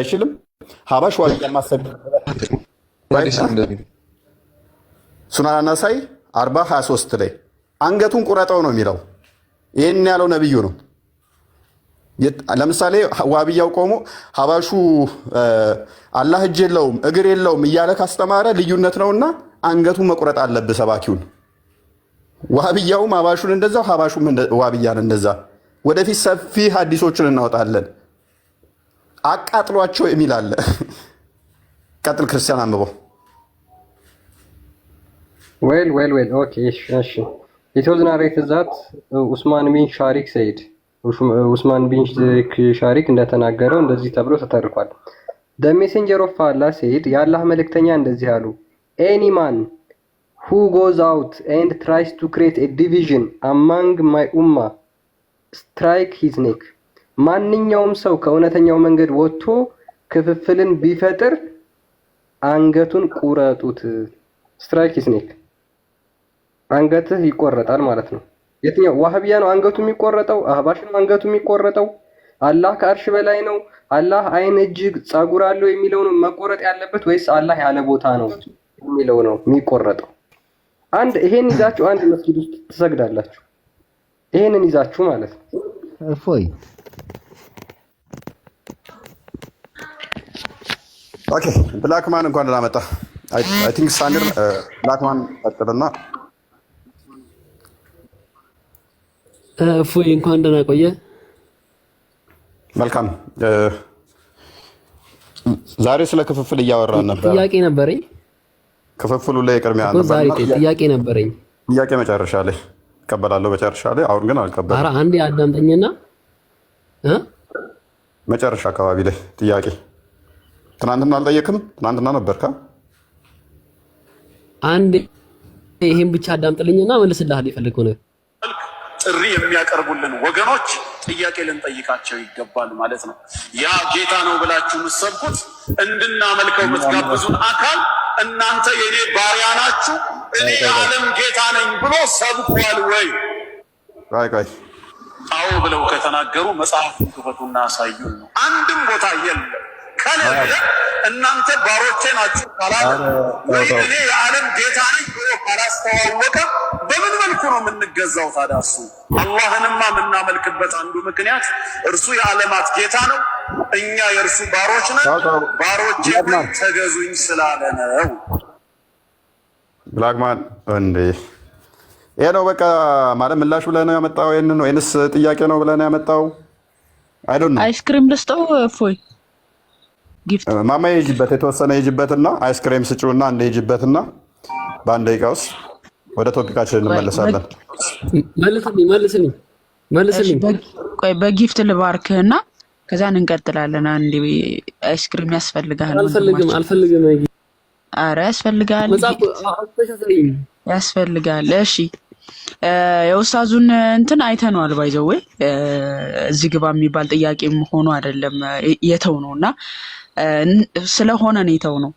አይችልም። ሀባሽ ዋልያ ማሰብ ሱናን አናሳይ አርባ 23 ላይ አንገቱን ቁረጠው ነው የሚለው። ይህን ያለው ነብዩ ነው። ለምሳሌ ዋብያው ቆሞ ሀባሹ አላህ እጅ የለውም እግር የለውም እያለ ካስተማረ ልዩነት ነውና አንገቱን መቁረጥ አለብህ ሰባኪውን። ዋብያውም ሀባሹን እንደዛ፣ ሀባሹም ዋብያን እንደዛ። ወደፊት ሰፊ ሀዲሶችን እናወጣለን። አቃጥሏቸው የሚል አለ። ቀጥል ክርስቲያን አንብበው። ዌል ዌል ዌል ኦኬ እሺ ዛት ኡስማን ቢን ሻሪክ ሰይድ ኡስማን ቢን ሻሪክ እንደተናገረው እንደዚህ ተብሎ ተተርኳል። ደ ሜሴንጀር ኦፍ አላ ሰይድ የአላህ መልእክተኛ እንደዚህ አሉ። ኤኒ ማን ሁ ጎዝ አውት ኤንድ ትራይስ ቱ ክሬት ኤ ዲቪዥን አማንግ ማይ ኡማ ስትራይክ ሂዝ ኔክ ማንኛውም ሰው ከእውነተኛው መንገድ ወጥቶ ክፍፍልን ቢፈጥር አንገቱን ቁረጡት። ስትራይክ ስኔክ አንገትህ ይቆረጣል ማለት ነው። የትኛው ዋህቢያ ነው አንገቱ የሚቆረጠው? አህባሽ ነው አንገቱ የሚቆረጠው? አላህ ከአርሽ በላይ ነው፣ አላህ አይን፣ እጅግ፣ ጸጉር አለው የሚለው ነው መቆረጥ ያለበት ወይስ አላህ ያለ ቦታ ነው የሚለው ነው የሚቆረጠው? አንድ ይሄን ይዛችሁ አንድ መስጊድ ውስጥ ትሰግዳላችሁ። ይሄንን ይዛችሁ ማለት ነው እፎይ ኦኬ ብላክማን እንኳን ላመጣ አይ ቲንክ ሳሚር ብላክማን ቀጥልና እፎይ እንኳን ደህና ቆየ። መልካም ዛሬ ስለ ክፍፍል እያወራን ነበር። ጥያቄ ነበረኝ ክፍፍሉ ላይ ቅድሚያ ጥያቄ ነበረኝ። ጥያቄ መጨረሻ ላይ እቀበላለሁ፣ መጨረሻ ላይ አሁን ግን አልቀበልም። ኧረ አንዴ አዳምጠኝና መጨረሻ አካባቢ ላይ ጥያቄ ትናንትና አልጠየቅም? ትናንትና ነበርካ? አንድ ይህን ብቻ አዳምጥልኝና መልስልሃል። የፈለግከው ነገር ጥሪ የሚያቀርቡልን ወገኖች ጥያቄ ልንጠይቃቸው ይገባል ማለት ነው። ያ ጌታ ነው ብላችሁ የምትሰብኩት እንድናመልከው የምትጋብዙን አካል እናንተ የእኔ ባሪያ ናችሁ፣ እኔ የዓለም ጌታ ነኝ ብሎ ሰብኳል ወይ? ቆይ ቆይ አዎ ብለው ከተናገሩ መጽሐፉን ክፈቱና አሳዩን ነው። አንድም ቦታ የለም። ከነገ እናንተ ባሮቼ ናችሁ ካላለ ወይ እኔ የዓለም ጌታ ነኝ ብሎ ካላስተዋወቀ በምን መልኩ ነው የምንገዛው ታዲያ? እሱ አላህንማ የምናመልክበት አንዱ ምክንያት እርሱ የዓለማት ጌታ ነው፣ እኛ የእርሱ ባሮች ነን። ባሮቼ ተገዙኝ ስላለ ነው። ብላክማን እንዴ ይሄ ነው በቃ ማለት ምላሽ ብለህ ነው ያመጣው? ይሄን ነው ወይንስ ጥያቄ ነው ብለህ ነው ያመጣው? አይዶን አይስክሪም ልስጠው እፎይ ማማ የጅበት የተወሰነ የጅበትና አይስክሬም ስጭውና እንደ የጅበትና በአንድ ደቂቃ ውስጥ ወደ ቶፒካችን እንመለሳለን። በጊፍት ልባርክህና ከዛ እንቀጥላለን። አንድ አይስክሪም ያስፈልግሃል? አልፈልግም፣ አልፈልግም። ኧረ ያስፈልግሃል፣ እሺ የውስታዙን እንትን አይተነዋል። ባይዘዌ እዚህ ግባ የሚባል ጥያቄ ሆኖ አይደለም የተው ነው እና ስለሆነ ነው የተው ነው።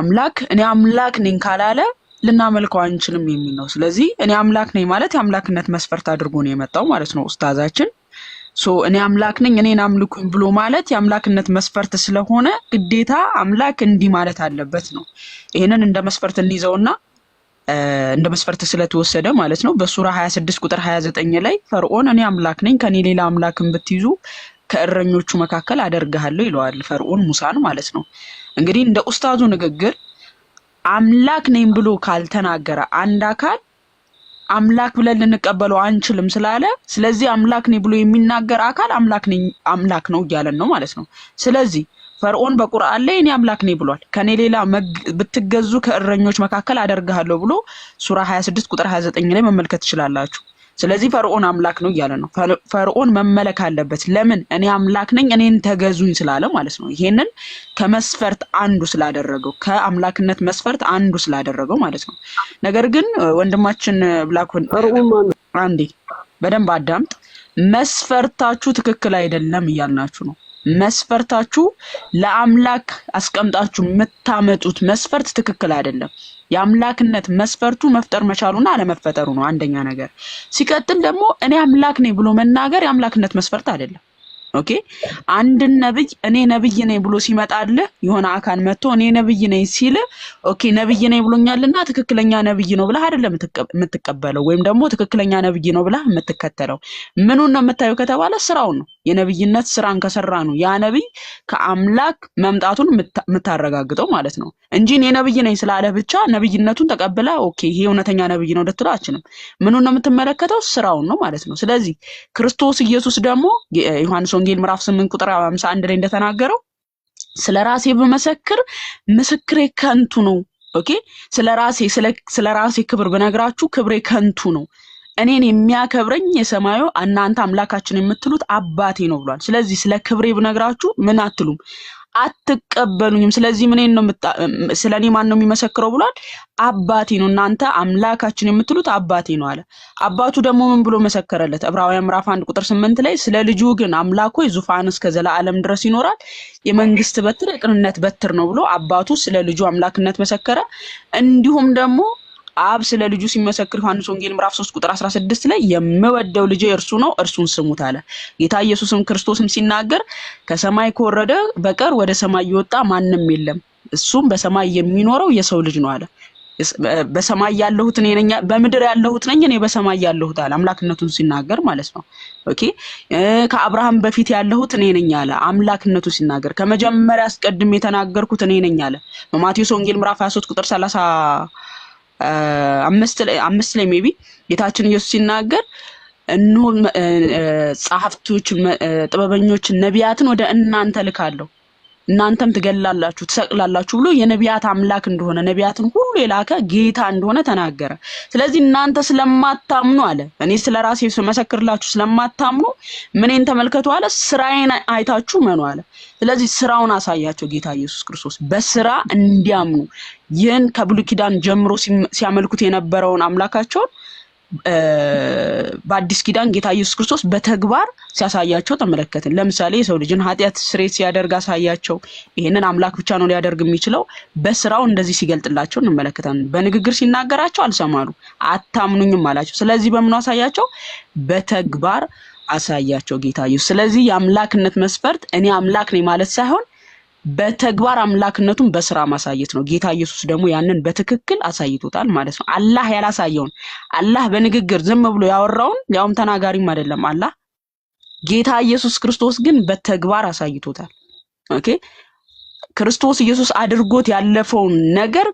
አምላክ እኔ አምላክ ነኝ ካላለ ልናመልከው አንችልም የሚል ነው። ስለዚህ እኔ አምላክ ነኝ ማለት የአምላክነት መስፈርት አድርጎ ነው የመጣው ማለት ነው ውስታዛችን። እኔ አምላክ ነኝ እኔን አምልኩኝ ብሎ ማለት የአምላክነት መስፈርት ስለሆነ ግዴታ አምላክ እንዲህ ማለት አለበት ነው። ይህንን እንደ መስፈርት እንይዘውና እንደ መስፈርት ስለተወሰደ ማለት ነው። በሱራ 26 ቁጥር 29 ላይ ፈርዖን እኔ አምላክ ነኝ ከኔ ሌላ አምላክን ብትይዙ ከእረኞቹ መካከል አደርግሃለሁ ይለዋል ፈርዖን ሙሳን ማለት ነው። እንግዲህ እንደ ኡስታዙ ንግግር አምላክ ነኝ ብሎ ካልተናገረ አንድ አካል አምላክ ብለን ልንቀበለው አንችልም ስላለ፣ ስለዚህ አምላክ ነኝ ብሎ የሚናገር አካል አምላክ ነኝ አምላክ ነው እያለን ነው ማለት ነው። ስለዚህ ፈርዖን በቁርአን ላይ እኔ አምላክ ነኝ ብሏል። ከኔ ሌላ ብትገዙ ከእረኞች መካከል አደርግሃለሁ ብሎ ሱራ 26 ቁጥር 29 ላይ መመልከት ትችላላችሁ። ስለዚህ ፈርዖን አምላክ ነው እያለ ነው። ፈርዖን መመለክ አለበት። ለምን? እኔ አምላክ ነኝ እኔን ተገዙኝ ስላለ ማለት ነው። ይሄንን ከመስፈርት አንዱ ስላደረገው ከአምላክነት መስፈርት አንዱ ስላደረገው ማለት ነው። ነገር ግን ወንድማችን ብላክ አንዴ በደንብ አዳምጥ፣ መስፈርታችሁ ትክክል አይደለም እያልናችሁ ነው መስፈርታችሁ ለአምላክ አስቀምጣችሁ የምታመጡት መስፈርት ትክክል አይደለም። የአምላክነት መስፈርቱ መፍጠር መቻሉና አለመፈጠሩ ነው አንደኛ ነገር። ሲቀጥል ደግሞ እኔ አምላክ ነኝ ብሎ መናገር የአምላክነት መስፈርት አይደለም። ኦኬ አንድን ነብይ እኔ ነብይ ነኝ ብሎ ሲመጣልህ የሆነ አካል መጥቶ እኔ ነብይ ነኝ ሲል ኦኬ ነብይ ነኝ ብሎኛልና ትክክለኛ ነብይ ነው ብለህ አይደለም የምትቀበለው፣ ወይም ደግሞ ትክክለኛ ነብይ ነው ብለህ የምትከተለው። ምኑን ነው የምታየው ከተባለ ስራውን ነው። የነብይነት ስራን ከሰራ ነው ያ ነብይ ከአምላክ መምጣቱን የምታረጋግጠው ማለት ነው እንጂ እኔ ነብይ ነኝ ስላለ ብቻ ነብይነቱን ተቀብለ ኦኬ ይሄ እውነተኛ ነብይ ነው ልትለው አችልም። ምኑን ነው የምትመለከተው? ስራውን ነው ማለት ነው። ስለዚህ ክርስቶስ ኢየሱስ ደግሞ ዮሐንስ ወንጌል ምዕራፍ ስምንት ቁጥር አንድ ላይ እንደተናገረው ስለ ራሴ ብመሰክር ምስክሬ ከንቱ ነው። ኦኬ ስለ ራሴ ስለ ራሴ ክብር ብነግራችሁ ክብሬ ከንቱ ነው እኔን የሚያከብረኝ የሰማዩ እናንተ አምላካችን የምትሉት አባቴ ነው ብሏል። ስለዚህ ስለ ክብሬ ብነግራችሁ ምን አትሉም አትቀበሉኝም። ስለዚህ ምን ነው ስለ እኔ ማን ነው የሚመሰክረው ብሏል። አባቴ ነው እናንተ አምላካችን የምትሉት አባቴ ነው አለ። አባቱ ደግሞ ምን ብሎ መሰከረለት? ዕብራውያን ምዕራፍ አንድ ቁጥር ስምንት ላይ ስለ ልጁ ግን አምላኮ ዙፋን እስከ ዘላለም ድረስ ይኖራል፣ የመንግስት በትር የቅንነት በትር ነው ብሎ አባቱ ስለ ልጁ አምላክነት መሰከረ። እንዲሁም ደግሞ አብ ስለ ልጁ ሲመሰክር ዮሐንስ ወንጌል ምዕራፍ 3 ቁጥር 16 ላይ የምወደው ልጄ እርሱ ነው እርሱን ስሙት አለ። ጌታ ኢየሱስም ክርስቶስም ሲናገር ከሰማይ ከወረደ በቀር ወደ ሰማይ የወጣ ማንም የለም፣ እሱም በሰማይ የሚኖረው የሰው ልጅ ነው አለ። በሰማይ ያለሁት እኔ ነኝ፣ በምድር ያለሁት ነኝ፣ እኔ በሰማይ ያለሁት አለ። አምላክነቱን ሲናገር ማለት ነው። ኦኬ ከአብርሃም በፊት ያለሁት እኔ ነኝ አለ። አምላክነቱ ሲናገር ከመጀመሪያ አስቀድሜ የተናገርኩት እኔ ነኝ አለ። በማቴዎስ ወንጌል ምዕራፍ 23 ቁጥር 30 አምስት ላይ ሜቢ ጌታችን ኢየሱስ ሲናገር እነሆ ጸሐፍቶች፣ ጥበበኞች፣ ነቢያትን ወደ እናንተ ልካለሁ እናንተም ትገላላችሁ፣ ትሰቅላላችሁ ብሎ የነቢያት አምላክ እንደሆነ ነቢያትን ሁሉ የላከ ጌታ እንደሆነ ተናገረ። ስለዚህ እናንተ ስለማታምኑ አለ እኔ ስለ ራሴ መሰክርላችሁ ስለማታምኑ ምኔን ተመልከቱ አለ፣ ስራዬን አይታችሁ መኑ አለ። ስለዚህ ስራውን አሳያቸው ጌታ ኢየሱስ ክርስቶስ በስራ እንዲያምኑ ይህን ከብሉይ ኪዳን ጀምሮ ሲያመልኩት የነበረውን አምላካቸውን በአዲስ ኪዳን ጌታ ኢየሱስ ክርስቶስ በተግባር ሲያሳያቸው ተመለከትን። ለምሳሌ የሰው ልጅን ኃጢአት ስሬት ሲያደርግ አሳያቸው። ይህንን አምላክ ብቻ ነው ሊያደርግ የሚችለው። በስራው እንደዚህ ሲገልጥላቸው እንመለከታለን። በንግግር ሲናገራቸው አልሰማሉ፣ አታምኑኝም አላቸው። ስለዚህ በምኑ አሳያቸው? በተግባር አሳያቸው ጌታ ኢየሱስ። ስለዚህ የአምላክነት መስፈርት እኔ አምላክ ነኝ ማለት ሳይሆን በተግባር አምላክነቱን በስራ ማሳየት ነው። ጌታ ኢየሱስ ደግሞ ያንን በትክክል አሳይቶታል ማለት ነው። አላህ ያላሳየውን አላህ በንግግር ዝም ብሎ ያወራውን ያውም ተናጋሪም አይደለም አላህ። ጌታ ኢየሱስ ክርስቶስ ግን በተግባር አሳይቶታል። ኦኬ ክርስቶስ ኢየሱስ አድርጎት ያለፈውን ነገር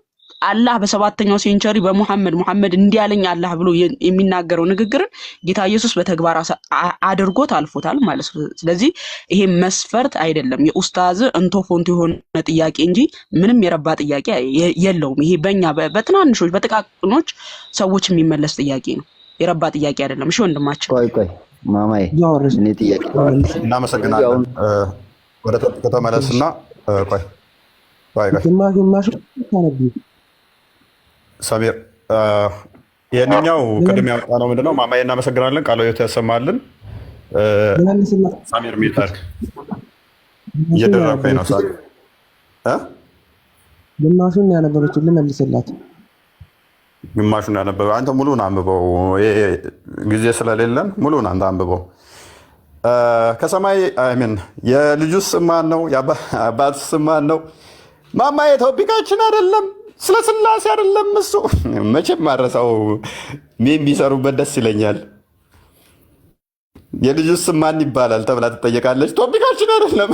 አላህ በሰባተኛው ሴንቸሪ በሙሐመድ ሙሐመድ እንዲያለኝ አላህ ብሎ የሚናገረው ንግግርን ጌታ ኢየሱስ በተግባር አድርጎት አልፎታል ማለት ነው። ስለዚህ ይሄ መስፈርት አይደለም፣ የኡስታዝ እንቶፎንት የሆነ ጥያቄ እንጂ ምንም የረባ ጥያቄ የለውም። ይሄ በእኛ በትናንሾች በጥቃቅኖች ሰዎች የሚመለስ ጥያቄ ነው፣ የረባ ጥያቄ አይደለም። እሺ ወንድማችን፣ ቆይ ቆይ ማማዬ፣ እኔ ጥያቄ እናመሰግናለን። ወደ ተመለስና ቆይ ቆይ ቆይ ግማሽ ግማሽ ሰሚር ይህንኛው ቅድም ያመጣ ነው ምንድነው? ማማ እናመሰግናለን። ቃለ ሕይወት ያሰማልን። ሳሚር ሚታርክ እየደረበ ነው። ግማሹን ያነበበችው ልመልስላት፣ ግማሹን ያነበበ አንተ ሙሉን አንብበው፣ ጊዜ ስለሌለን ሙሉን አንተ አንብበው። ከሰማይ ሚን የልጁ ስም ማን ነው? የአባት ስም ማን ነው? ማማዬ ተውፊቃችን አይደለም ስለ ስላሴ አይደለም እሱ መቼም ማረሳው የሚሰሩበት ደስ ይለኛል። የልጁ ስም ማን ይባላል ተብላ ትጠየቃለች። ቶፒካችን አይደለም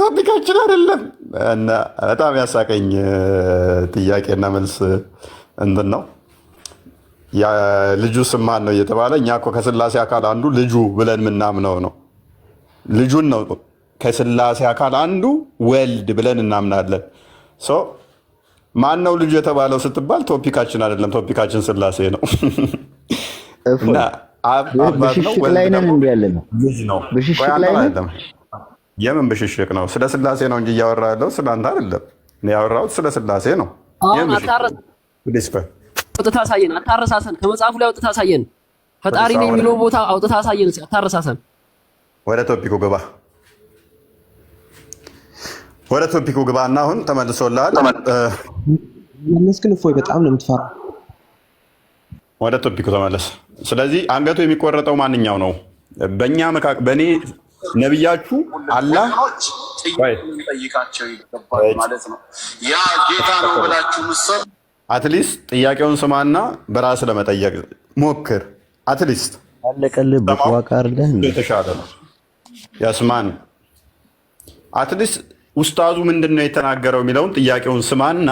ቶፒካችን አይደለም። እና በጣም ያሳቀኝ ጥያቄና መልስ እንትን ነው። ልጁ ስም ማን ነው እየተባለ እኛ እኮ ከስላሴ አካል አንዱ ልጁ ብለን የምናምነው ነው። ልጁን ነው ከስላሴ አካል አንዱ ወልድ ብለን እናምናለን። ማን ነው ልጁ የተባለው ስትባል ቶፒካችን አይደለም፣ ቶፒካችን ስላሴ ነው የምን ብሽሽቅ ነው? ስለ ስላሴ ነው እንጂ እያወራ ያለው ስለ አንተ አይደለም። ያወራሁት ስለ ስላሴ ነው። አውጥተህ አሳየን፣ አታረሳሰን። ከመጽሐፉ ላይ አሳየን። ፈጣሪ ነው የሚለው ቦታ አሳየን። አታረሳሰን። ወደ ቶፒኩ ግባ። ወደ ቶፒኩ ግባና አሁን ተመልሶልሃል። መለስክን እፎይ፣ በጣም ነው የምትፈራ። ወደ ቶፒኩ ተመለስ። ስለዚህ አንገቱ የሚቆረጠው ማንኛው ነው? በእኛ መካ በእኔ ነቢያችሁ አላህ አትሊስት ጥያቄውን ስማና በራስ ለመጠየቅ ሞክር። አትሊስት አለቀልህ ብዋቃርለህ የተሻለ ነው። ያስማን አትሊስት ኡስታዙ ምንድን ነው የተናገረው የሚለውን ጥያቄውን ስማና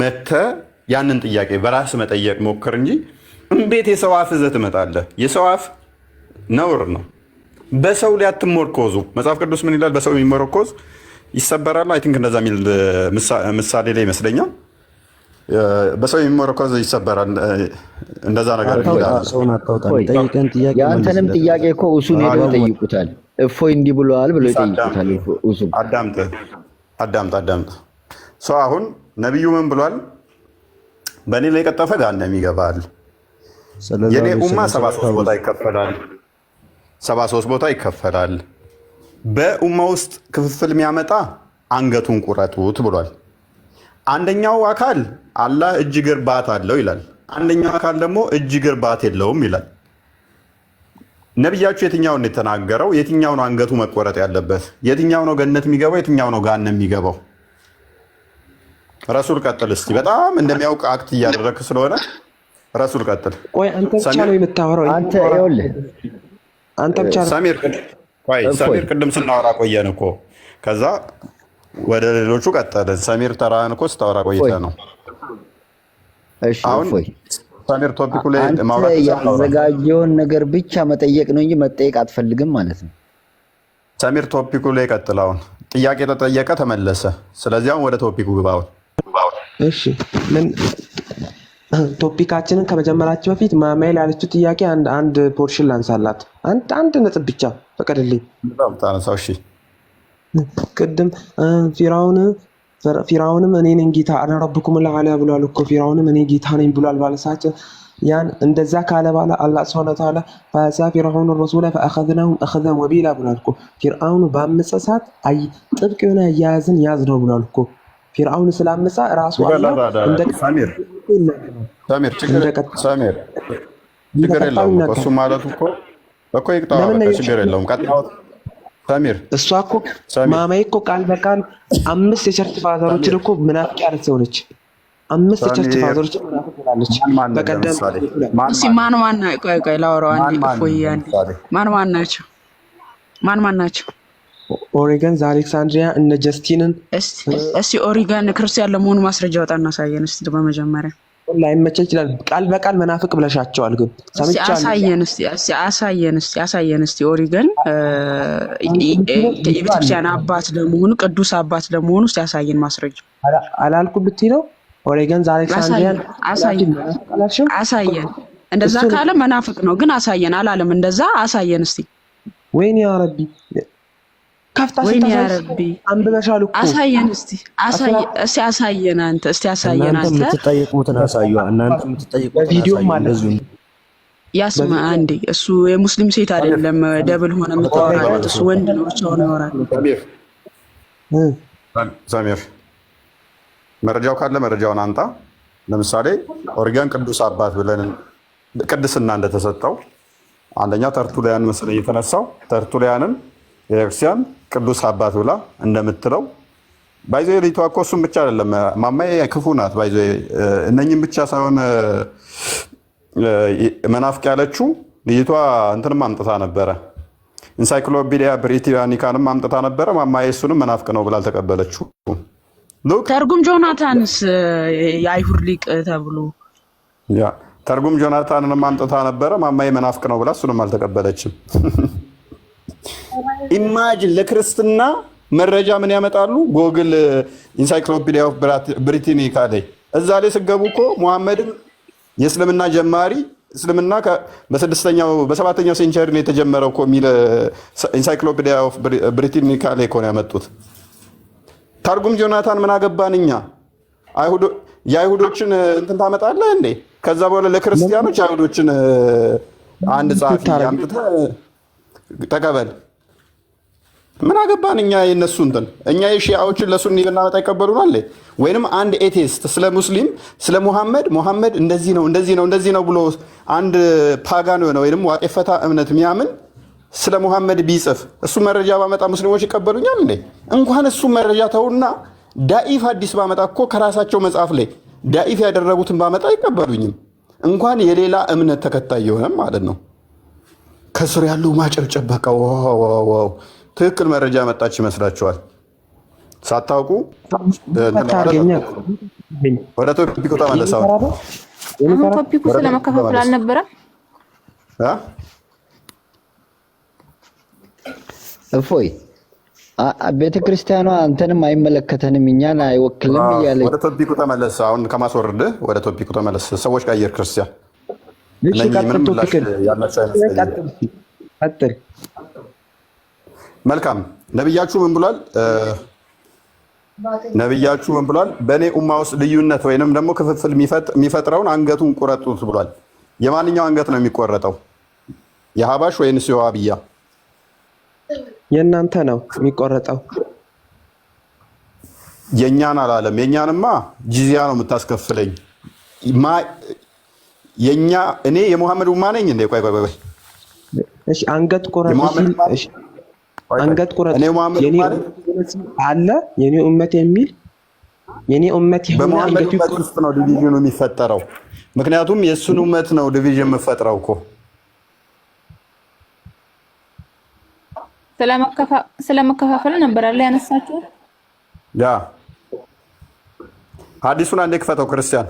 መተ ያንን ጥያቄ በራስ መጠየቅ ሞክር እንጂ እንዴት የሰው አፍ ይዘህ ትመጣለህ? የሰው አፍ ነውር ነው። በሰው ላይ አትሞርኮዙ። መጽሐፍ ቅዱስ ምን ይላል? በሰው የሚመረኮዝ ይሰበራል። አይ ቲንክ እንደዛ የሚል ምሳሌ ላይ ይመስለኛል። በሰው የሚመረኮዝ ይሰበራል። እንደዛ ነገር የአንተንም ጥያቄ እኮ እሱን ሄደው ይጠይቁታል። እፎይ እንዲህ ብለዋል ብሎ ይጠይቁታል። አዳምጥ አዳምጥ። ሰው አሁን ነቢዩ ምን ብሏል? በእኔ ላይ የቀጠፈ ገሃነም ይገባል። የኔ ኡማ ሰባ ሦስት ቦታ ይከፈላል። ሰባ ሦስት ቦታ ይከፈላል። በኡማ ውስጥ ክፍፍል የሚያመጣ አንገቱን ቁረጡት ብሏል። አንደኛው አካል አላህ እጅ ግርባት አለው ይላል። አንደኛው አካል ደግሞ እጅ ግርባት የለውም ይላል። ነቢያችሁ የትኛውን የተናገረው? የትኛው ነው አንገቱ መቆረጥ ያለበት? የትኛው ነው ገነት የሚገባው? የትኛው ነው ጋነ የሚገባው? ረሱል ቀጥል እስቲ። በጣም እንደሚያውቅ አክት እያደረክ ስለሆነ ረሱል ቀጥል። ሰሚር ቅድም ስናወራ ቆየን እኮ ከዛ ወደ ሌሎቹ ቀጠልን። ሰሚር ተራህን እኮ ስታወራ ቆይተ ነው። አሁን ሰሚር ቶፒኩ ላይ ማውራት ያዘጋጀውን ነገር ብቻ መጠየቅ ነው እንጂ መጠየቅ አትፈልግም ማለት ነው። ሰሚር ቶፒኩ ላይ ቀጥል። አሁን ጥያቄ ተጠየቀ ተመለሰ። ስለዚህ አሁን ወደ ቶፒኩ ግባ። እሺ ምን ቶፒካችንን ከመጀመራችን በፊት ማማይል ያለችው ጥያቄ አንድ ፖርሽን ላንሳላት። አንድ ነጥብ ብቻ ፈቀድልኝ። ታነሳው እሺ ቅድም ፊራውን ፊራውንም እኔ ነኝ ጌታ አነ ረብኩም ለዓላ ብሏል እኮ ፊራውንም እኔ ጌታ ነኝ ብሏል ባለሳቸው ያን እንደዛ ካለ ባለ አላህ ስብሐነ ወተዓላ ፈአሳ ፊርዓውን ረሱለ ፈአኸዝናሁም አኸዘን ወቢላ ብሏል እኮ ፊርዓውን ባመፀ ሰዓት አይ ጥብቅ የሆነ አያያዝን ያዝ ነው ብሏል እኮ ፊርዓውን ስላመፀ ራሱ ሳሚር ችግር የለውም እሱ ማለት እኮ እኮ ይቅጣዋል ችግር የለውም ቀጥታ ሳሚር እሷ እኮ ማማዬ እኮ ቃል በቃል አምስት የቸርች ፋዘሮችን እኮ ምናፍቅ ያለች ሰው ነች። አምስት የቸርች ፋዘሮችን ምናፍቅ ያለች በቀደም ማን ማን ቆይ ቆይ ላወራው ማን ማን ናቸው? ማን ማን ናቸው? ኦሪገን ዛሌክሳንድሪያ እነ ጀስቲንን እስቲ ኦሪገን ክርስቲያን ለመሆኑ ማስረጃ ወጣ እናሳየን እስቲ በመጀመሪያ ቁጥር ላይመቸ ይችላል። ቃል በቃል መናፍቅ ብለሻቸዋል። ግን አሳየን አሳየን አሳየን እስቲ ኦሪገን የቤተክርስቲያን አባት ለመሆኑ ቅዱስ አባት ለመሆኑ እስቲ ያሳየን ማስረጃ አላልኩ ብትይ ነው ኦሬገን ዛሬ አሳየን። እንደዛ ካለ መናፍቅ ነው። ግን አሳየን አላለም። እንደዛ አሳየን እስቲ ወይኔ ያረቢ ከፍታ አንብበሻል እኮ አሳየን። እስቲ አሳየን አንተ እስቲ አሳየን አንተ የምትጠይቁትን አሳዩ። እናንተ የምትጠይቁትን ማለት አንዴ እሱ የሙስሊም ሴት አይደለም፣ ደብል ሆነ የምታወራለት እሱ ወንድ ነው፣ ብቻውን ያወራል። መረጃው ካለ መረጃውን አንጣ። ለምሳሌ ኦሪጋን ቅዱስ አባት ብለን ቅድስና እንደተሰጠው አንደኛ ተርቱሊያን መሰለኝ የተነሳው ተርቱሊያንን ቤተክርስቲያን ቅዱስ አባት ብላ እንደምትለው ባይዘ ልጅቷ እኮ እሱም ብቻ አይደለም ማማዬ ክፉ ናት። ባይዞ እነኝም ብቻ ሳይሆን መናፍቅ ያለችው ልጅቷ እንትንም አምጥታ ነበረ፣ ኢንሳይክሎፒዲያ ብሪታኒካንም አምጥታ ነበረ። ማማዬ እሱንም መናፍቅ ነው ብላ አልተቀበለችው። ተርጉም ጆናታንስ የአይሁድ ሊቅ ተብሎ ተርጉም ጆናታንንም አምጥታ ነበረ። ማማዬ መናፍቅ ነው ብላ እሱንም አልተቀበለችም። ኢማጅን ለክርስትና መረጃ ምን ያመጣሉ? ጎግል ኢንሳይክሎፒዲያ ኦፍ ብሪቲኒ ካለ እዛ ላይ ስገቡ እኮ ሙሐመድም የእስልምና ጀማሪ እስልምና በስድስተኛው በሰባተኛው ሴንቸሪ ነው የተጀመረው እኮ የሚል ኢንሳይክሎፒዲያ ኦፍ ብሪቲኒ ካለ እኮ ነው ያመጡት። ታርጉም ጆናታን ምን አገባን እኛ? የአይሁዶችን እንትን ታመጣለህ እንዴ? ከዛ በኋላ ለክርስቲያኖች አይሁዶችን አንድ ጸሐፊ አምጥተህ ተቀበል። ምን አገባን እኛ የነሱ እንትን እኛ የሺያዎችን ለሱኒ ብናመጣ ይቀበሉናል። ወይንም አንድ ኤቴስት ስለ ሙስሊም ስለ ሙሐመድ ሙሐመድ እንደዚህ ነው እንደዚህ ነው እንደዚህ ነው ብሎ አንድ ፓጋን የሆነ ወይም ዋቄፈታ እምነት የሚያምን ስለ ሙሐመድ ቢጽፍ እሱ መረጃ ባመጣ ሙስሊሞች ይቀበሉኛል እንዴ? እንኳን እሱ መረጃ ተውና ዳኢፍ አዲስ ባመጣ እኮ ከራሳቸው መጽሐፍ ላይ ዳኢፍ ያደረጉትን ባመጣ አይቀበሉኝም። እንኳን የሌላ እምነት ተከታይ የሆነም ማለት ነው። ከስር ያሉ ማጨብጨብ በቃ ትክክል መረጃ መጣች ይመስላችኋል። ሳታውቁ ወደ ቶፒኩ ተመለሰ። ቶፒኩ ስለመከፋፈል አልነበረም። እፎይ ቤተ ክርስቲያኗ አንተንም አይመለከተንም እኛን አይወክልም እያለች ወደ ቶፒኩ ተመለሰ። አሁን ከማስወርድ ወደ ቶፒኩ ተመለሰ። ሰዎች ቀየር ክርስቲያን መልካም ነብያችሁ ምን ብሏል? ነብያችሁ ምን ብሏል? በእኔ ኡማ ውስጥ ልዩነት ወይንም ደግሞ ክፍፍል የሚፈጥረውን አንገቱን ቁረጡት ብሏል። የማንኛው አንገት ነው የሚቆረጠው? የሀባሽ ወይንስ የዋሃብያ? የእናንተ ነው የሚቆረጠው። የእኛን አላለም። የእኛንማ ጂዚያ ነው የምታስከፍለኝ የኛ እኔ የሙሐመድ ኡማ ነኝ እንዴ? ቆይ ቆይ ቆይ፣ እሺ አንገት ቁረጥ አንገት ቁረጥ አለ የኔ ኡመት የሚል የኔ ኡመት ይሆናል። አንገት ቁረጥ ውስጥ ነው ዲቪዥኑ የሚፈጠረው። ምክንያቱም የእሱን ኡመት ነው ዲቪዥን የምፈጥረው እኮ ስለመከፋፈል ነበር አለ ያነሳችሁ። ያ ሀዲሱን አንዴ ክፈተው ክርስቲያን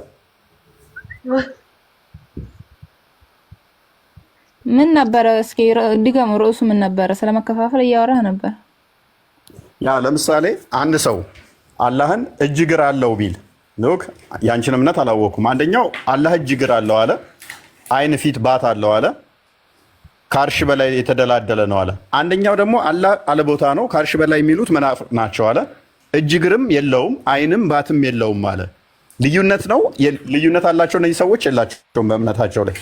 ምን ነበረ? እስኪ ድገም። ርዕሱ ምን ነበረ? ስለመከፋፈል እያወራህ ነበር። ያ ለምሳሌ አንድ ሰው አላህን እጅ እግር አለው ቢል ልክ ያንቺን እምነት አላወኩም። አንደኛው አላህ እጅ እግር አለው አለ። አይን ፊት ባት አለው አለ። ከአርሽ በላይ የተደላደለ ነው አለ። አንደኛው ደግሞ አላህ አለቦታ ነው ከአርሽ በላይ የሚሉት መናፍቅ ናቸው አለ። እጅ እግርም የለውም አይንም ባትም የለውም አለ። ልዩነት ነው። ልዩነት አላቸው እነዚህ ሰዎች የላቸውም በእምነታቸው ላይ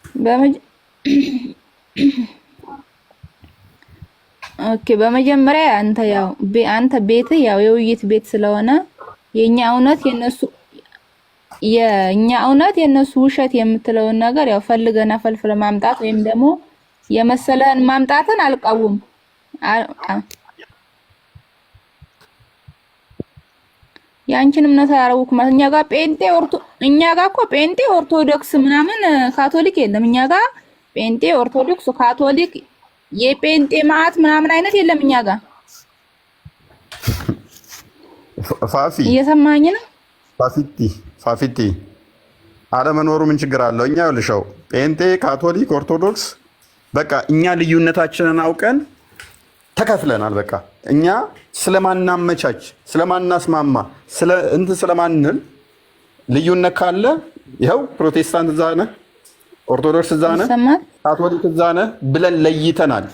ኦኬ በመጀመሪያ አንተ ያው አንተ ቤት ያው የውይይት ቤት ስለሆነ የኛ እውነት የነሱ የኛ እውነት የነሱ ውሸት የምትለውን ነገር ያው ፈልገና ፈልፍለ ማምጣት ወይም ደግሞ የመሰለህን ማምጣትን አልቀውም። ያንቺን እምነት አያረውኩ ማለት እኛ ጋር ጴንጤ ኦርቶ እኛ ጋር እኮ ጴንጤ ኦርቶዶክስ ምናምን ካቶሊክ የለም። እኛ ጋር ጴንጤ ኦርቶዶክስ፣ ካቶሊክ፣ የጴንጤ ማዕት ምናምን አይነት የለም። እኛ ጋር ፋፊ እየሰማኝ ነው። ፋፊቲ ፋፊቲ አለመኖሩ ምን ችግር አለው? እኛ ይኸውልሽ ጴንጤ፣ ካቶሊክ፣ ኦርቶዶክስ በቃ እኛ ልዩነታችንን አውቀን ተከፍለናል። በቃ እኛ ስለማናመቻች፣ ስለማናስማማ፣ እንትን ስለማንል ልዩነት ካለ ይኸው ፕሮቴስታንት እዛ ነህ፣ ኦርቶዶክስ እዛ ነህ፣ ካቶሊክ እዛ ነህ ብለን ለይተናል።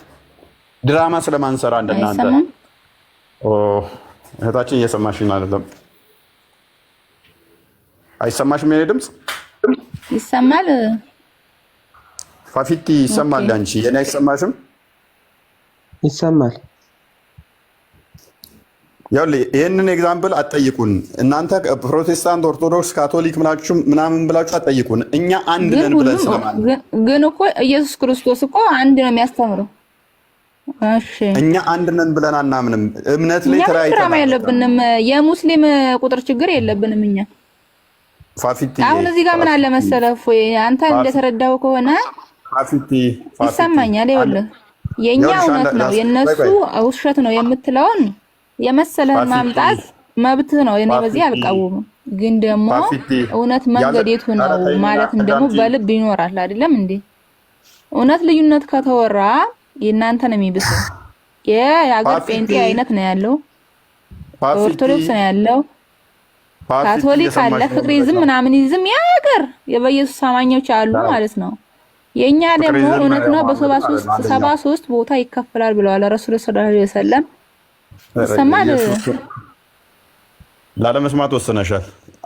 ድራማ ስለማንሰራ እንደናንተ እህታችን እየሰማሽኝ አይደለም። አይሰማሽም? የኔ ድምፅ ይሰማል። ፋፊቲ ይሰማል። አንቺ የኔ አይሰማሽም? ይሰማል። ያው ይህንን ኤግዛምፕል አጠይቁን እናንተ ፕሮቴስታንት፣ ኦርቶዶክስ፣ ካቶሊክ ምናምን ብላችሁ አጠይቁን። እኛ አንድ ነን ብለን ስለማለት ግን እኮ ኢየሱስ ክርስቶስ እኮ አንድ ነው የሚያስተምረው። እኛ አንድ ነን ብለን አናምንም። እምነት ላይ ተለያይተናል የለብንም። የሙስሊም ቁጥር ችግር የለብንም እኛ ፋፊቲ። አሁን እዚህ ጋር ምን አለ መሰለህ፣ አንተ እንደተረዳው ከሆነ ፋፊቲ ይሰማኛል። ይኸውልህ የኛ እውነት ነው የነሱ ውሸት ነው የምትለውን የመሰለህን ማምጣት መብትህ ነው። እኔ በዚህ አልቃወምም። ግን ደግሞ እውነት መንገድ የቱ ነው ማለትም ደግሞ በልብ ይኖራል አይደለም እንዴ? እውነት ልዩነት ከተወራ የእናንተ ነው የሚብሰው። የአገር ጴንጤ አይነት ነው ያለው፣ ኦርቶዶክስ ነው ያለው፣ ካቶሊክ አለ፣ ፍቅሪዝም ምናምን ይዝም ያ ሀገር የበኢየሱስ አማኞች አሉ ማለት ነው። የእኛ ደግሞ እውነት ነው በሰባ ሶስት ሰባ ሶስት ቦታ ይከፈላል ብለዋል ረሱል ስ ሰለም ይሰማል። ላለመስማት ወስነሻል።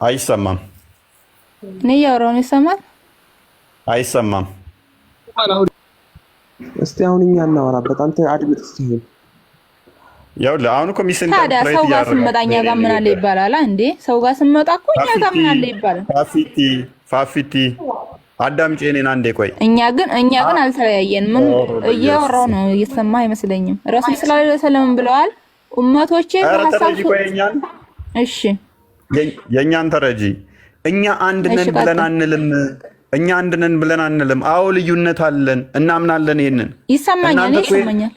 አይሰማም። እኔ እያወራሁ ነው። ይሰማል። አይሰማም። እስቲ አሁን እኛ እናወራበት። አንተ አድምጥ እስቲ። ያው አሁን እኮ ሚስ ኢንተርፕሬት ሰው ጋር ስንመጣ እኛ ጋር ምን አለ ይባላል እንዴ? ሰው ጋር ስንመጣ እኮ እኛ ጋር ምን አለ ይባላል። ፋፊቲ ፋፊቲ አዳምጪ እኔን አንዴ ቆይ። እኛ ግን እኛ ግን አልተለያየን። ምን እያወራው ነው? እየሰማ አይመስለኝም። ረሱል ሰለላሁ ዐለይሂ ወሰለም ብለዋል፣ ኡመቶቼ ሐሳብ እሺ፣ የኛን ተረጂ። እኛ አንድ ነን ብለን አንልም። እኛ አንድ ነን ብለን አንልም። አዎ ልዩነት አለን፣ እናምናለን። ይሄንን ይሰማኛል፣ ይሰማኛል።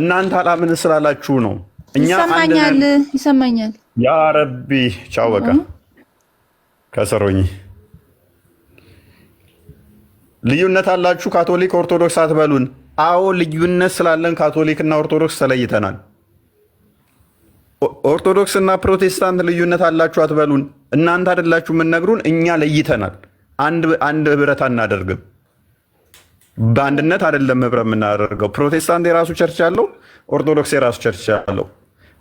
እናንተ አላምን ስላላችሁ ነው። እኛ ይሰማኛል፣ ይሰማኛል። ያ ረቢ ቻው፣ በቃ ከሰሮኝ ልዩነት አላችሁ ካቶሊክ ኦርቶዶክስ አትበሉን። አዎ ልዩነት ስላለን ካቶሊክና ኦርቶዶክስ ተለይተናል። ኦርቶዶክስና ፕሮቴስታንት ልዩነት አላችሁ አትበሉን። እናንተ አይደላችሁ የምንነግሩን፣ እኛ ለይተናል። አንድ ህብረት አናደርግም። በአንድነት አይደለም ህብረት የምናደርገው። ፕሮቴስታንት የራሱ ቸርች አለው፣ ኦርቶዶክስ የራሱ ቸርች አለው።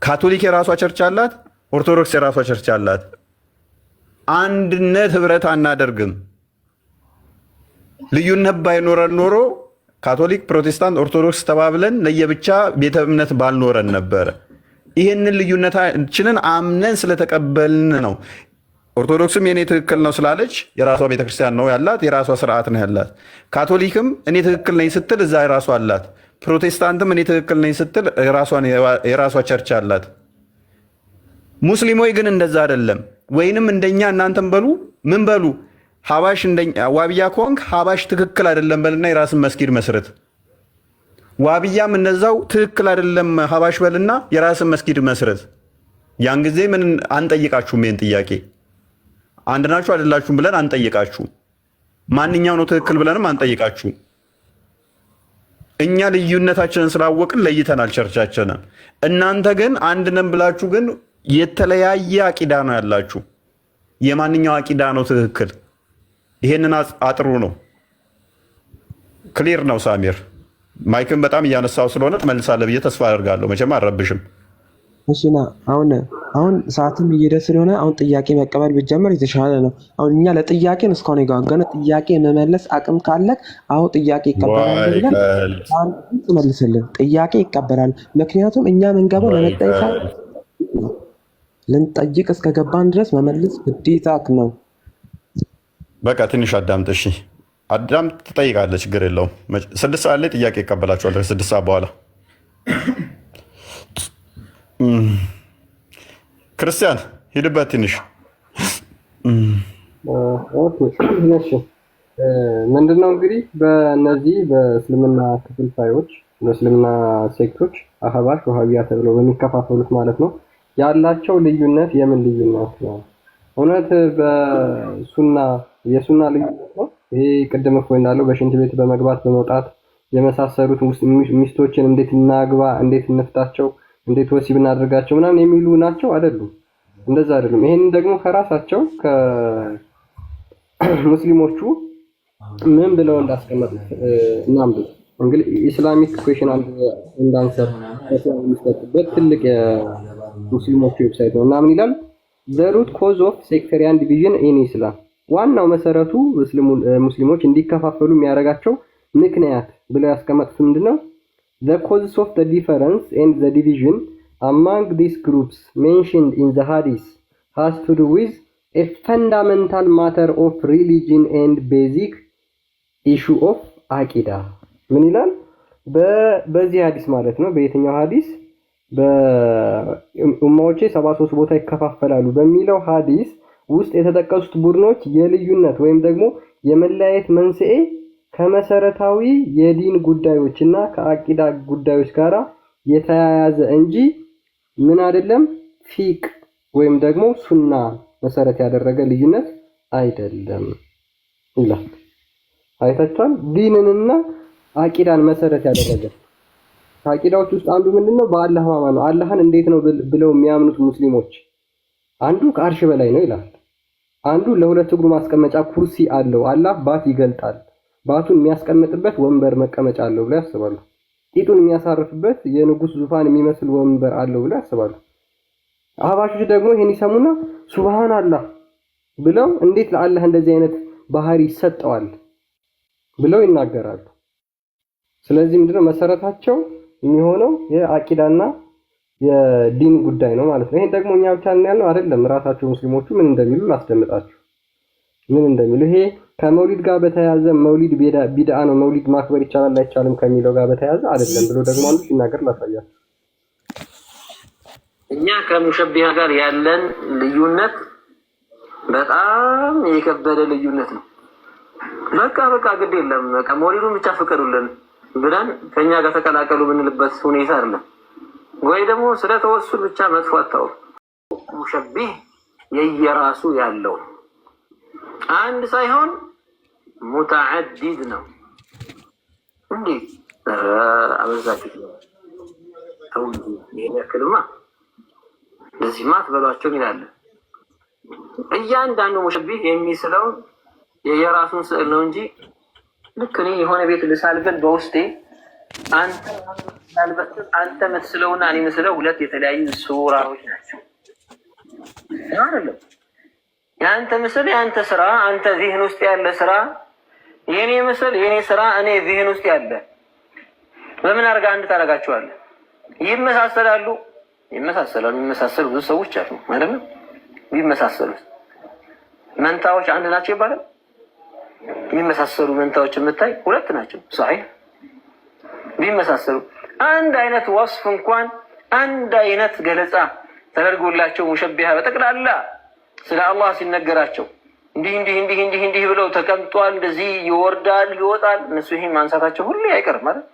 ካቶሊክ የራሷ ቸርች አላት፣ ኦርቶዶክስ የራሷ ቸርች አላት። አንድነት ህብረት አናደርግም። ልዩነት ባይኖረን ኖሮ ካቶሊክ፣ ፕሮቴስታንት፣ ኦርቶዶክስ ተባብለን ለየብቻ ቤተ እምነት ባልኖረን ነበረ። ይህንን ልዩነታችንን አምነን ስለተቀበልን ነው። ኦርቶዶክስም የእኔ ትክክል ነው ስላለች የራሷ ቤተክርስቲያን ነው ያላት፣ የራሷ ስርዓት ነው ያላት። ካቶሊክም እኔ ትክክል ነኝ ስትል እዛ የራሷ አላት። ፕሮቴስታንትም እኔ ትክክል ነኝ ስትል የራሷ ቸርች አላት። ሙስሊሞች ግን እንደዛ አይደለም። ወይንም እንደኛ እናንተም በሉ ምን በሉ ሀባሽ ዋብያ ከሆንክ ሀባሽ ትክክል አይደለም በልና የራስን መስጊድ መስረት። ዋብያም እነዛው ትክክል አይደለም ሀባሽ በልና የራስን መስጊድ መስረት። ያን ጊዜ ምን አንጠይቃችሁም፣ ይህን ጥያቄ አንድ ናችሁ አይደላችሁም ብለን አንጠይቃችሁም። ማንኛው ነው ትክክል ብለንም አንጠይቃችሁም። እኛ ልዩነታችንን ስላወቅን ለይተናል ቸርቻችንን። እናንተ ግን አንድ ነን ብላችሁ ግን የተለያየ አቂዳ ነው ያላችሁ። የማንኛው አቂዳ ነው ትክክል? ይሄንን አጥሩ ነው። ክሊር ነው። ሳሚር ማይክን በጣም እያነሳው ስለሆነ መልሳለ ብዬ ተስፋ አደርጋለሁ። መቼም አልረብሽም። እሺና አሁን አሁን ሰዓትም እየደረሰ ስለሆነ አሁን ጥያቄ መቀበል ብጀምር የተሻለ ነው። አሁን እኛ ለጥያቄን እስካሁን የጋገነ ጥያቄ መመለስ አቅም ካለክ አሁ ጥያቄ ይቀበላል መልስልን። ጥያቄ ይቀበላል። ምክንያቱም እኛ ምንገባው ለመጠይቅ ልንጠይቅ እስከገባን ድረስ መመልስ ግዴታክ ነው። በቃ ትንሽ አዳምጥ። እሺ አዳምጥ፣ ትጠይቃለህ፣ ችግር የለውም። ስድስት ሰዓት ላይ ጥያቄ ይቀበላቸዋለሁ። ስድስት ሰዓት በኋላ ክርስቲያን ሂድበት ትንሽ ምንድነው እንግዲህ በነዚህ በእስልምና ክፍልፋዮች በእስልምና ሴክቶች አህባሽ ውሃቢያ ተብለው በሚከፋፈሉት ማለት ነው ያላቸው ልዩነት የምን ልዩነት ነው? እውነት በሱና የሱና ልዩነት ነው ይሄ። ቅድም እኮ እንዳለው በሽንት ቤት በመግባት በመውጣት የመሳሰሉት ሚስቶችን እንዴት እናግባ፣ እንዴት እንፍታቸው፣ እንዴት ወሲብ እናደርጋቸው ምናምን የሚሉ ናቸው አይደሉም? እንደዛ አይደሉም። ይሄን ደግሞ ከራሳቸው ከሙስሊሞቹ ምን ብለው እንዳስቀመጡ እናም እንግዲህ ኢስላሚክ ኩዌሽን አንድ እንዳንሰር የሚሰጥበት ትልቅ የሙስሊሞቹ ዌብሳይት ነው እና ምን ይላል ዘ ሩት ኮዝ ኦፍ ሴክተሪያን ዲቪዥን ኢን ኢስላም ዋናው መሰረቱ ሙስሊሞች እንዲከፋፈሉ የሚያደርጋቸው ምክንያት ብለው ያስቀመጡት ምንድን ነው? the causes of the difference and the division among these groups mentioned in the hadith has to do with a fundamental matter of religion and basic issue of አቂዳ ምን ይላል? በዚህ ሀዲስ ማለት ነው። በየትኛው ሀዲስ? በኡማዎቼ 73 ቦታ ይከፋፈላሉ በሚለው ሀዲስ ውስጥ የተጠቀሱት ቡድኖች የልዩነት ወይም ደግሞ የመለያየት መንስኤ ከመሰረታዊ የዲን ጉዳዮች እና ከአቂዳ ጉዳዮች ጋር የተያያዘ እንጂ ምን አይደለም ፊቅ ወይም ደግሞ ሱና መሰረት ያደረገ ልዩነት አይደለም ይላል። አይታችኋል። ዲንንና አቂዳን መሰረት ያደረገ ከአቂዳዎች ውስጥ አንዱ ምንድነው? በአላህ ማመን ነው። አላህን እንዴት ነው ብለው የሚያምኑት ሙስሊሞች አንዱ ከአርሽ በላይ ነው ይላል። አንዱ ለሁለት እግሩ ማስቀመጫ ኩርሲ አለው። አላህ ባት ይገልጣል። ባቱን የሚያስቀምጥበት ወንበር መቀመጫ አለው ብለው ያስባሉ። ጢጡን የሚያሳርፍበት የንጉስ ዙፋን የሚመስል ወንበር አለው ብለው ያስባሉ። አህባሾች ደግሞ ይሄን ይሰሙና ሱብሃን አላህ ብለው እንዴት ለአላህ እንደዚህ አይነት ባህሪ ይሰጠዋል ብለው ይናገራሉ። ስለዚህ ምንድነው መሰረታቸው የሚሆነው የአቂዳና የዲን ጉዳይ ነው ማለት ነው። ይሄን ደግሞ እኛ ብቻ ያለው አይደለም። ራሳቸው ሙስሊሞቹ ምን እንደሚሉ ላስደምጣችሁ። ምን እንደሚሉ ይሄ ከመውሊድ ጋር በተያያዘ መውሊድ ቢድአ ነው፣ መውሊድ ማክበር ይቻላል አይቻልም ከሚለው ጋር በተያያዘ አይደለም ብሎ ደግሞ አንዱ ሲናገር ላሳያችሁ። እኛ ከሙሸቢሃ ጋር ያለን ልዩነት በጣም የከበደ ልዩነት ነው። በቃ በቃ ግድ የለም በቃ ብቻ ፍቀዱልን ብለን ከኛ ጋር ተቀላቀሉ ብንልበት ሁኔታ አይደለም። ወይ ደግሞ ስለ ተወሱል ብቻ መጥፎ አታውቅ። ሙሸቢህ የየራሱ ያለው አንድ ሳይሆን ሙተዓዲድ ነው። እንዴ አበዛችሁ፣ ተው እንጂ ይሄን ያክልማ እንደዚህማ ይላል። እያንዳንዱ ሙሸቢህ የሚስለው የየራሱን ስዕል ነው እንጂ ልክ እኔ የሆነ ቤት ልሳል ብል በውስጤ አንተ መስለውና እኔ መስለው ሁለት የተለያዩ ሱራዎች ናቸው። አይደለም የአንተ ምስል የአንተ ስራ፣ አንተ ዚህን ውስጥ ያለ ስራ፣ የኔ ምስል የኔ ስራ፣ እኔ ዚህን ውስጥ ያለ በምን አድርጋ አንድ ታደርጋቸዋለህ? ይመሳሰላሉ፣ ይመሳሰላሉ። የሚመሳሰሉ ብዙ ሰዎች አሉ ማለት ነው። የሚመሳሰሉት መንታዎች አንድ ናቸው ይባላል። የሚመሳሰሉ መንታዎች የምታይ ሁለት ናቸው። ቢመሳሰሉ አንድ አይነት ወስፍ እንኳን አንድ አይነት ገለጻ ተደርጎላቸው ሙሸቢሃ በጠቅላላ ስለ አላህ ሲነገራቸው እንዲህ እንዲህ እንዲህ እንዲህ እንዲህ ብለው ተቀምጧል፣ እንደዚህ ይወርዳል፣ ይወጣል። እነሱ ይህን ማንሳታቸው ሁሌ አይቀርም ማለት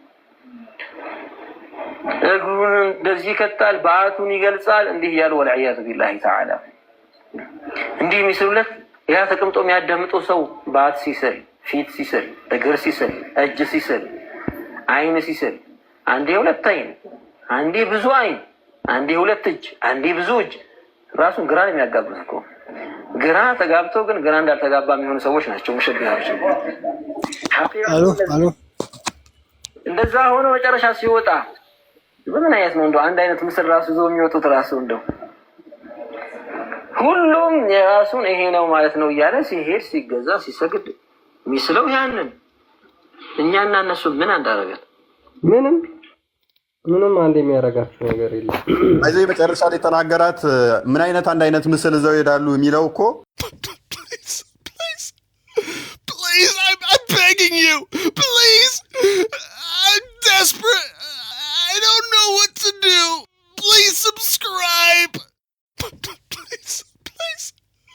እግሩን እንደዚህ ይከታል፣ በአቱን ይገልጻል፣ እንዲህ እያሉ ወልዕያዙ ቢላሂ ተዓላ እንዲህ የሚስሉለት ያ ተቀምጦ የሚያዳምጠው ሰው በአት ሲስል፣ ፊት ሲስል፣ እግር ሲስል፣ እጅ ሲስል አይን ሲስል አንዴ ሁለት አይን፣ አንዴ ብዙ አይን፣ አንዴ ሁለት እጅ፣ አንዴ ብዙ እጅ ራሱን ግራ ነው የሚያጋቡት እኮ ግራ ተጋብተው ግን ግራ እንዳልተጋባ የሚሆኑ ሰዎች ናቸው ሙሽቢዎች። እንደዛ ሆኖ መጨረሻ ሲወጣ በምን አይነት ነው እንደው አንድ አይነት ምስል ራሱ ይዞ የሚወጡት ራሱ እንደው ሁሉም የራሱን ይሄ ነው ማለት ነው እያለ ሲሄድ ሲገዛ ሲሰግድ የሚስለው ያንን እኛና እነሱ ምን አንዳረገን? ምንም ምንም አንድ የሚያደርጋችሁ ነገር የለም። እዚህ መጨረሻ ላይ ተናገራት። ምን አይነት አንድ አይነት ምስል እዛው ይሄዳሉ የሚለው እኮ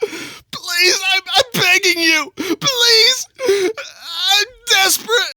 Please, I'm, I'm begging you. Please. I'm desperate.